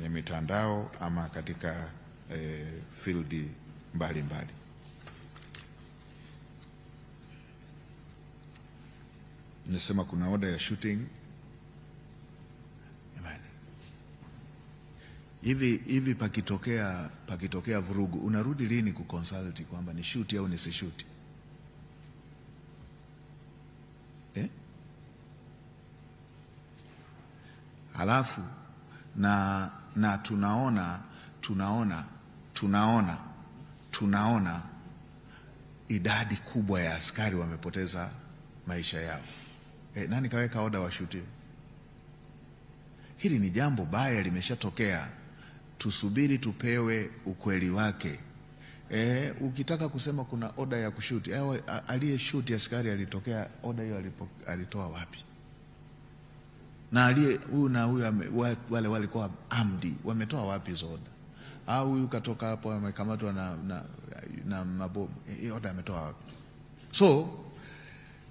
kwenye mitandao ama katika e, eh, fieldi mbalimbali. Nasema kuna oda ya shooting hivi hivi, pakitokea pakitokea vurugu, unarudi lini kukonsulti kwamba ni shuti au nisishuti eh? Halafu na na tunaona tunaona tunaona tunaona idadi kubwa ya askari wamepoteza maisha yao. E, nani kaweka oda washuti? Hili ni jambo baya, limeshatokea. Tusubiri tupewe ukweli wake. E, ukitaka kusema kuna oda ya kushuti, eh, aliyeshuti askari alitokea, oda hiyo alitoa wapi? na aliye huyu na huyu wale walikuwa amdi wametoa wapi zoda au huyu katoka hapo amekamatwa na, na, na mabomu yote eh, eh, ametoa wapi? So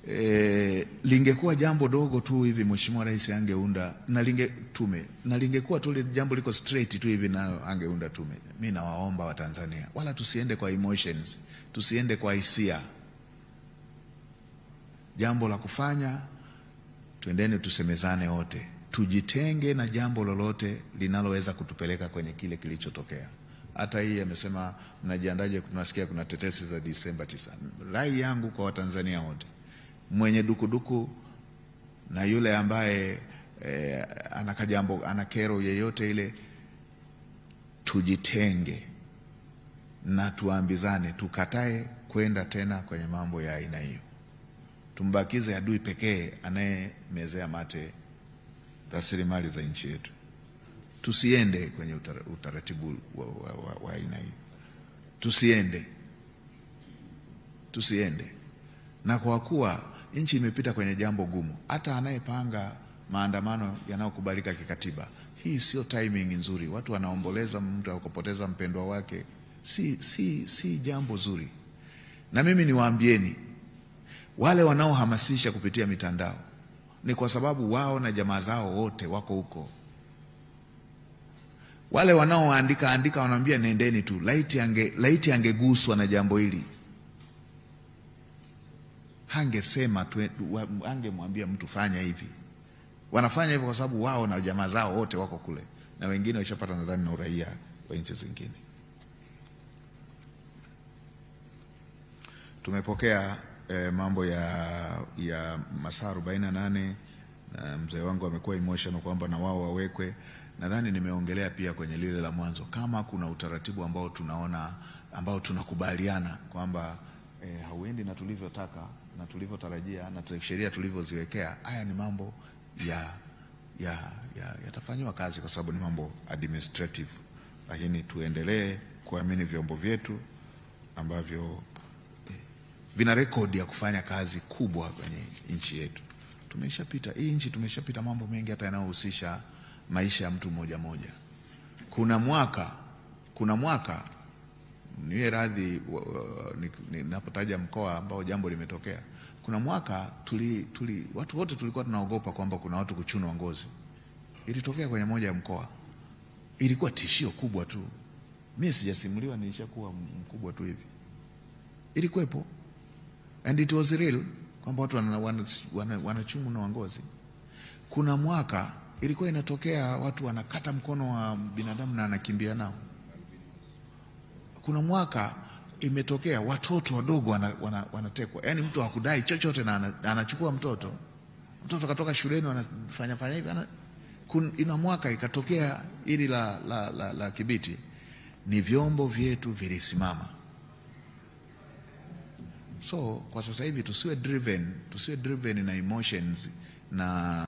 e, lingekuwa jambo dogo tu hivi Mheshimiwa Rais angeunda na linge tume na lingekuwa tu jambo liko straight tu hivi nayo angeunda tume. Mi nawaomba Watanzania wala tusiende kwa emotions, tusiende kwa hisia. Jambo la kufanya Twendeni tusemezane wote, tujitenge na jambo lolote linaloweza kutupeleka kwenye kile kilichotokea. Hata hii amesema mnajiandaje? Tunasikia kuna tetesi za Disemba tisa. Rai yangu kwa Watanzania wote, mwenye dukuduku duku na yule ambaye eh, ana kajambo ana kero yeyote ile, tujitenge na tuambizane, tukatae kwenda tena kwenye mambo ya aina hiyo tumbakize adui pekee anayemezea mate rasilimali za nchi yetu. Tusiende kwenye utaratibu wa aina hii, tusiende, tusiende. Na kwa kuwa nchi imepita kwenye jambo gumu, hata anayepanga maandamano yanayokubalika kikatiba, hii sio timing nzuri. Watu wanaomboleza mtu akupoteza mpendwa wake, si, si, si jambo zuri. Na mimi niwaambieni wale wanaohamasisha kupitia mitandao ni kwa sababu wao na jamaa zao wote wako huko. Wale wanaoandika andika wanaambia nendeni tu, laiti ange, laiti angeguswa na jambo hili hangesema, angemwambia mtu fanya hivi. Wanafanya hivyo kwa sababu wao na jamaa zao wote wako kule, na wengine waishapata nadhani na uraia wa nchi zingine. Tumepokea eh, mambo ya, ya masaa 48 na mzee wangu amekuwa emotional kwamba na wao wawekwe. Nadhani nimeongelea pia kwenye lile la mwanzo, kama kuna utaratibu ambao tunaona ambao tunakubaliana kwamba eh, hauendi na tulivyotaka na tulivyotarajia na sheria tulivyoziwekea, haya ni mambo ya yatafanyiwa ya, yatafanywa kazi kwa sababu ni mambo administrative, lakini tuendelee kuamini vyombo vyetu ambavyo vina rekodi ya kufanya kazi kubwa kwenye nchi yetu. Tumeshapita hii nchi, tumeshapita mambo mengi hata yanayohusisha maisha ya mtu mmoja mmoja. Kuna mwaka kuna mwaka niwe radhi ninapotaja ni, mkoa ambao jambo limetokea. Kuna mwaka tuli, tuli, watu wote tulikuwa tunaogopa kwamba kuna watu kuchunwa ngozi. Ilitokea kwenye moja ya mkoa, ilikuwa tishio kubwa tu. Mimi sijasimuliwa, nilishakuwa mkubwa tu hivi, ilikuwepo and it was real kwamba watu wanachumu na wangozi. Kuna mwaka ilikuwa inatokea watu wanakata mkono wa binadamu na anakimbia nao. Kuna mwaka imetokea watoto wadogo wanatekwa, wana, wana yaani mtu hakudai chochote na anachukua mtoto, mtoto katoka shuleni, wanafanya fanya hivi. Ina mwaka ikatokea hili la, la, la, la Kibiti, ni vyombo vyetu vilisimama So kwa sasa hivi tusiwe driven, tusiwe driven na emotions na